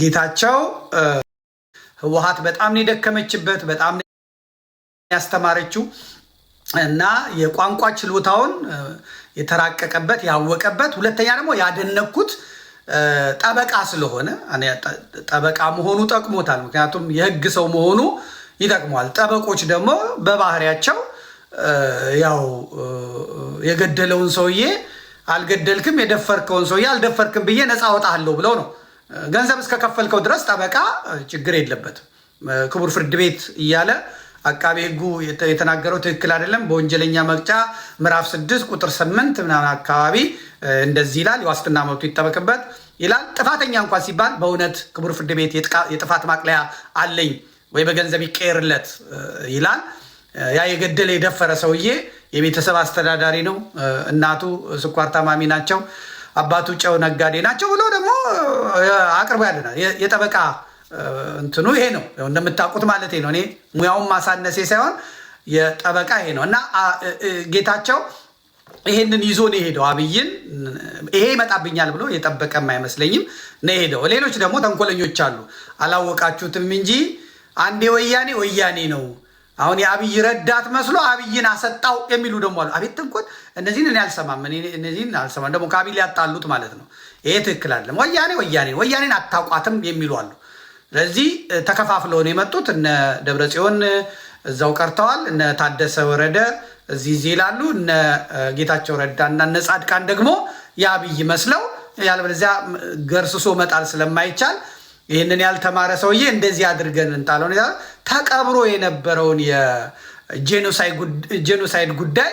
ጌታቸው ህወሀት በጣም ነው የደከመችበት፣ በጣም ያስተማረችው እና የቋንቋ ችሎታውን የተራቀቀበት ያወቀበት። ሁለተኛ ደግሞ ያደነኩት ጠበቃ ስለሆነ ጠበቃ መሆኑ ጠቅሞታል። ምክንያቱም የህግ ሰው መሆኑ ይጠቅመዋል። ጠበቆች ደግሞ በባህሪያቸው ያው የገደለውን ሰውዬ አልገደልክም፣ የደፈርከውን ሰውዬ አልደፈርክም ብዬ ነፃ ወጣለሁ ብለው ነው ገንዘብ እስከከፈልከው ድረስ ጠበቃ ችግር የለበትም። ክቡር ፍርድ ቤት እያለ አቃቤ ሕጉ የተናገረው ትክክል አይደለም። በወንጀለኛ መቅጫ ምዕራፍ ስድስት ቁጥር ስምንት ምናምን አካባቢ እንደዚህ ይላል። የዋስትና መብቱ ይጠበቅበት ይላል። ጥፋተኛ እንኳን ሲባል በእውነት ክቡር ፍርድ ቤት የጥፋት ማቅለያ አለኝ ወይ በገንዘብ ይቀየርለት ይላል። ያ የገደለ የደፈረ ሰውዬ የቤተሰብ አስተዳዳሪ ነው። እናቱ ስኳር ታማሚ ናቸው። አባቱ ጨው ነጋዴ ናቸው ብሎ ደግሞ አቅርቦ ያለ የጠበቃ እንትኑ ይሄ ነው እንደምታውቁት ማለት ነው። እኔ ሙያውን ማሳነሴ ሳይሆን የጠበቃ ይሄ ነው እና ጌታቸው ይሄንን ይዞ ነው የሄደው። አብይን ይሄ ይመጣብኛል ብሎ የጠበቀም አይመስለኝም ነው የሄደው። ሌሎች ደግሞ ተንኮለኞች አሉ። አላወቃችሁትም እንጂ አንዴ ወያኔ ወያኔ ነው አሁን የአብይ ረዳት መስሎ አብይን አሰጣው የሚሉ ደግሞ አሉ። አቤት ትንኮት! እነዚህን እኔ አልሰማም፣ እነዚህን አልሰማም። ደግሞ ከአብይ ሊያጣሉት ማለት ነው። ይሄ ትክክል አይደለም። ወያኔ ወያኔ ወያኔን አታውቋትም የሚሉ አሉ። ስለዚህ ተከፋፍለው ነው የመጡት። እነ ደብረ ጽዮን እዛው ቀርተዋል። እነ ታደሰ ወረደ እዚህ እዚህ ይላሉ። እነ ጌታቸው ረዳ እና እነ ጻድቃን ደግሞ የአብይ መስለው ያለበለዚያ ገርስሶ መጣል ስለማይቻል ይህንን ያልተማረ ሰውዬ እንደዚህ አድርገን እንጣለው ተቀብሮ የነበረውን የጄኖሳይድ ጉዳይ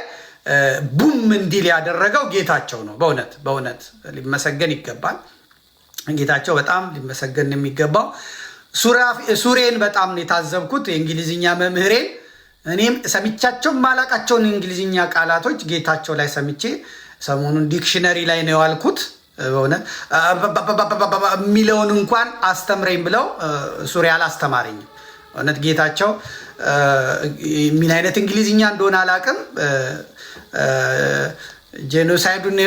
ቡም እንዲል ያደረገው ጌታቸው ነው። በእውነት በእውነት ሊመሰገን ይገባል። ጌታቸው በጣም ሊመሰገን ነው የሚገባው። ሱሬን በጣም የታዘብኩት፣ የእንግሊዝኛ መምህሬን። እኔም ሰምቻቸው ማላቃቸውን የእንግሊዝኛ ቃላቶች ጌታቸው ላይ ሰምቼ ሰሞኑን ዲክሽነሪ ላይ ነው የዋልኩት። በእውነት የሚለውን እንኳን አስተምረኝ ብለው ሱሪ አላስተማረኝም። እውነት ጌታቸው ምን አይነት እንግሊዝኛ እንደሆነ አላውቅም። ጄኖሳይዱን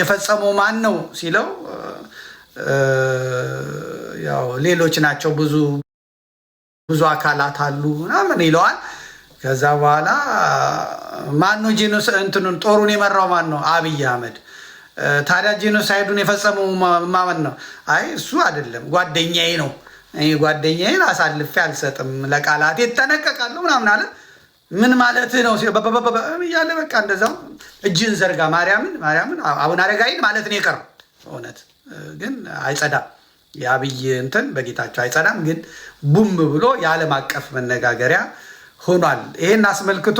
የፈጸመው ማን ነው ሲለው ያው ሌሎች ናቸው ብዙ ብዙ አካላት አሉ ምናምን ይለዋል። ከዛ በኋላ ማን ነው ጄኖሳ እንትኑን ጦሩን የመራው ማን ነው? አብይ አህመድ። ታዲያ ጄኖሳይዱን የፈጸመው ማመን ነው? አይ እሱ አይደለም ጓደኛዬ ነው እኔ ጓደኛዬን አሳልፌ አልሰጥም፣ ለቃላቴ እጠነቀቃለሁ ምናምን አለ። ምን ማለት ነው እያለ በቃ እንደዛው እጅን ዘርጋ ማርያምን ማርያምን አቡነ አረጋዊን ማለት ነው የቀረው። እውነት ግን አይጸዳም፣ የአብይ እንትን በጌታቸው አይጸዳም። ግን ቡም ብሎ የዓለም አቀፍ መነጋገሪያ ሆኗል። ይህን አስመልክቶ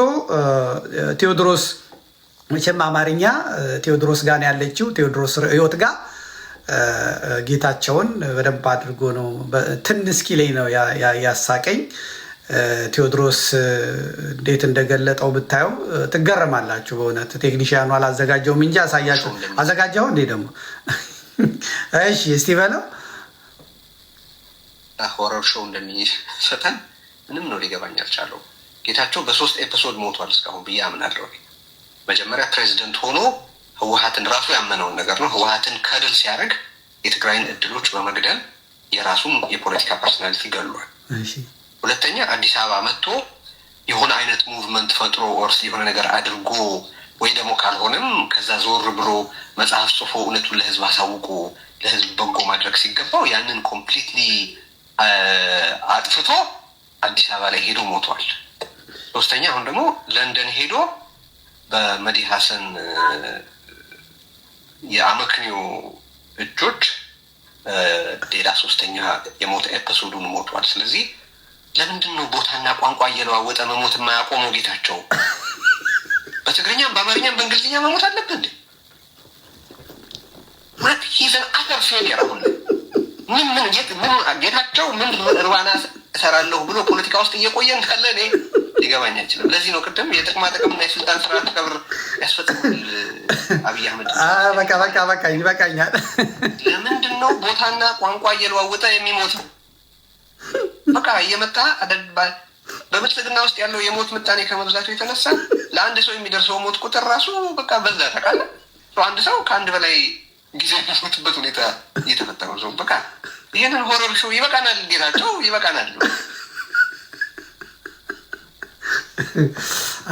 ቴዎድሮስ መቼም አማርኛ ቴዎድሮስ ጋር ያለችው ቴዎድሮስ ርዕዮት ጋር ጌታቸውን በደንብ አድርጎ ነው ትን ላይ ነው ያሳቀኝ። ቴዎድሮስ እንዴት እንደገለጠው ብታየው ትገረማላችሁ። በእውነት ቴክኒሽያኑ አላዘጋጀውም እንጂ አሳያቸው። አዘጋጀው እንዴ ደግሞ እሺ፣ እስቲ በለው ሆረር ሾው እንደሚሰጠን ምንም ነው ሊገባኝ አልቻለው። ጌታቸው በሶስት ኤፒሶድ ሞቷል እስካሁን ብዬ አምናለሁ። መጀመሪያ ፕሬዚደንት ሆኖ ህወሀትን ራሱ ያመነውን ነገር ነው። ህወሀትን ከድል ሲያደርግ የትግራይን እድሎች በመግደል የራሱም የፖለቲካ ፐርሶናሊቲ ገሏል። ሁለተኛ አዲስ አበባ መጥቶ የሆነ አይነት ሙቭመንት ፈጥሮ ኦርስ የሆነ ነገር አድርጎ ወይ ደግሞ ካልሆነም ከዛ ዞር ብሎ መጽሐፍ ጽፎ እውነቱን ለህዝብ አሳውቆ ለህዝብ በጎ ማድረግ ሲገባው ያንን ኮምፕሊትሊ አጥፍቶ አዲስ አበባ ላይ ሄዶ ሞቷል። ሶስተኛ አሁን ደግሞ ለንደን ሄዶ በመዲ ሀሰን የአመክንዮ እጆች ሌላ ሶስተኛ የሞት ኤፒሶዱን ሞቷል። ስለዚህ ለምንድን ነው ቦታና ቋንቋ እየለዋወጠ መሞት የማያቆመው? ጌታቸው በትግርኛም በአማርኛም በእንግሊዝኛ መሞት አለብን እንዴ? ማለት ሂዘን አተር ፌሊየር አሁን ምን ምን ጌታቸው ምን እርባና እሰራለሁ ብሎ ፖለቲካ ውስጥ እየቆየ እንዳለ እኔ ሊገባኝ አይችልም። ለዚህ ነው ቅድም የጥቅማ ጥቅምና የስልጣን ስርዓት ከብር ያስፈጽማል አብይ አህመድ በቃ በቃ በቃ ይበቃኛል። ለምንድን ነው ቦታና ቋንቋ እየለዋወጠ የሚሞተው? በቃ እየመጣ በብልጽግና ውስጥ ያለው የሞት ምጣኔ ከመብዛቱ የተነሳ ለአንድ ሰው የሚደርሰው ሞት ቁጥር ራሱ በቃ በዛ ተቃለ አንድ ሰው ከአንድ በላይ ጊዜ የሚሞትበት ሁኔታ እየተፈጠረ ነው። በቃ ይህንን ሆረር ሾው ይበቃናል፣ ጌታቸው ይበቃናል።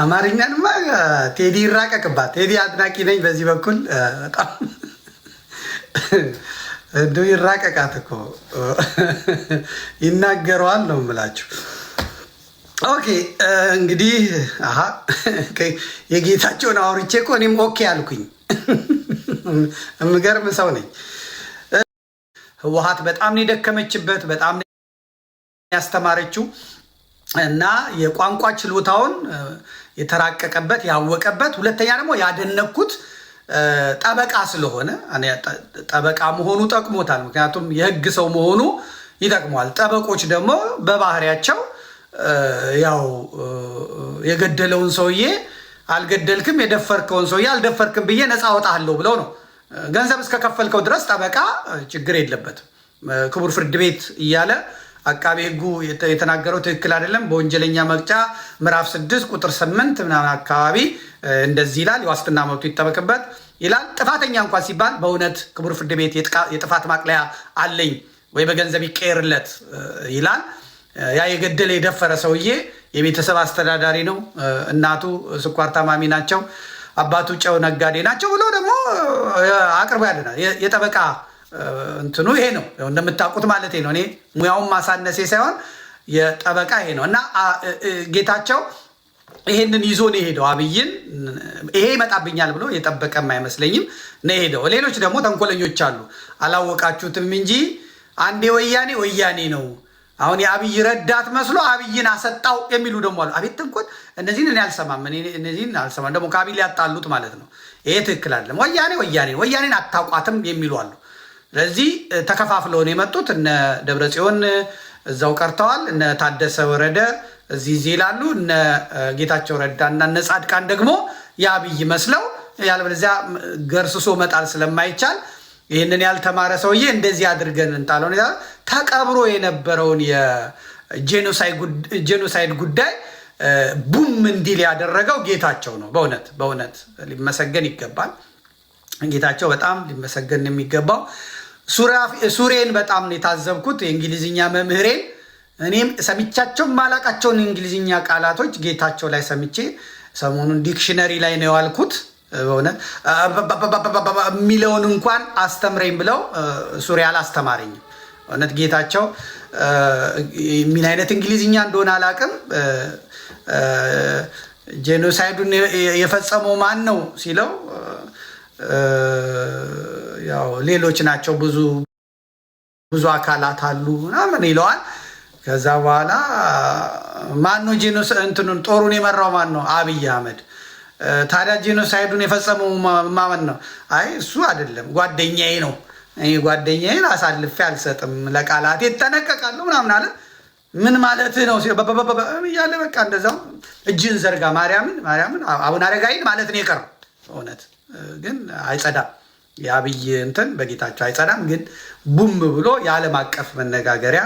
አማርኛንማ ቴዲ ይራቀቅባት። ቴዲ አድናቂ ነኝ በዚህ በኩል በጣም እንደው ይራቀቃት እኮ ይናገረዋል ነው የምላችሁ። ኦኬ እንግዲህ አሀ የጌታቸውን አውርቼ እኮ እኔም ኦኬ አልኩኝ። የምገርም ሰው ነኝ። ህወሀት በጣም ነው የደከመችበት፣ በጣም ያስተማረችው። እና የቋንቋ ችሎታውን የተራቀቀበት ያወቀበት፣ ሁለተኛ ደግሞ ያደነኩት ጠበቃ ስለሆነ ጠበቃ መሆኑ ጠቅሞታል። ምክንያቱም የህግ ሰው መሆኑ ይጠቅመዋል። ጠበቆች ደግሞ በባህሪያቸው ያው የገደለውን ሰውዬ አልገደልክም፣ የደፈርከውን ሰውዬ አልደፈርክም ብዬ ነፃ ወጣለሁ ብለው ነው። ገንዘብ እስከከፈልከው ድረስ ጠበቃ ችግር የለበትም ክቡር ፍርድ ቤት እያለ አቃቤ ሕጉ የተናገረው ትክክል አይደለም። በወንጀለኛ መቅጫ ምዕራፍ ስድስት ቁጥር ስምንት ምናምን አካባቢ እንደዚህ ይላል። የዋስትና መብቱ ይጠበቅበት ይላል። ጥፋተኛ እንኳን ሲባል በእውነት ክቡር ፍርድ ቤት የጥፋት ማቅለያ አለኝ ወይ በገንዘብ ይቀየርለት ይላል። ያ የገደለ የደፈረ ሰውዬ የቤተሰብ አስተዳዳሪ ነው። እናቱ ስኳር ታማሚ ናቸው። አባቱ ጨው ነጋዴ ናቸው ብሎ ደግሞ አቅርቦ ያለ የጠበቃ እንትኑ ይሄ ነው እንደምታውቁት ማለት ነው። እኔ ሙያውን ማሳነሴ ሳይሆን የጠበቃ ይሄ ነው እና ጌታቸው ይሄንን ይዞ ነው የሄደው። አብይን ይሄ ይመጣብኛል ብሎ የጠበቀም አይመስለኝም ነው የሄደው። ሌሎች ደግሞ ተንኮለኞች አሉ። አላወቃችሁትም እንጂ አንዴ ወያኔ ወያኔ ነው አሁን የአብይ ረዳት መስሎ አብይን አሰጣው የሚሉ ደግሞ አሉ። አቤት ተንኮል! እነዚህን እኔ አልሰማም፣ እነዚህን አልሰማም። ደግሞ ከአብይ ሊያጣሉት ማለት ነው። ይሄ ትክክል አይደለም። ወያኔ ወያኔ ወያኔን አታውቋትም የሚሉ አሉ። ስለዚህ ተከፋፍለውን የመጡት እነ ደብረ ጽዮን እዛው ቀርተዋል። እነ ታደሰ ወረደ እዚህ እዚህ ይላሉ። እነ ጌታቸው ረዳና እነ ጻድቃን ደግሞ የአብይ መስለው ያለበለዚያ ገርስሶ መጣል ስለማይቻል ይህንን ያልተማረ ሰውዬ እንደዚህ አድርገን እንጣለው ተቀብሮ የነበረውን የጄኖሳይድ ጉዳይ ቡም እንዲል ያደረገው ጌታቸው ነው። በእውነት በእውነት ሊመሰገን ይገባል። ጌታቸው በጣም ሊመሰገን የሚገባው ሱሬን በጣም ነው የታዘብኩት፣ የእንግሊዝኛ መምህሬን። እኔም ሰምቻቸው ማላቃቸውን የእንግሊዝኛ ቃላቶች ጌታቸው ላይ ሰምቼ ሰሞኑን ዲክሽነሪ ላይ ነው የዋልኩት። የሚለውን እንኳን አስተምረኝ ብለው ሱሪ አላስተማረኝም። እውነት ጌታቸው የሚል አይነት እንግሊዝኛ እንደሆነ አላቅም። ጄኖሳይዱን የፈጸመው ማን ነው ሲለው ያው ሌሎች ናቸው ብዙ ብዙ አካላት አሉ ምናምን ይለዋል። ከዛ በኋላ ማኑ ጂኖስ እንትኑን ጦሩን የመራው ማን ነው? አብይ አህመድ። ታዲያ ጂኖሳይዱን የፈጸመው ማመን ነው? አይ እሱ አይደለም ጓደኛዬ ነው፣ ጓደኛዬን አሳልፌ አልሰጥም፣ ለቃላት እጠነቀቃለሁ ምናምን አለ። ምን ማለት ነው እያለ በቃ እንደዛው እጅን ዘርጋ ማርያምን ማርያምን አቡነ አረጋዊን ማለት ነው የቀረው እውነት ግን አይጸዳም። የአብይ እንትን በጌታቸው አይጸዳም። ግን ቡም ብሎ የዓለም አቀፍ መነጋገሪያ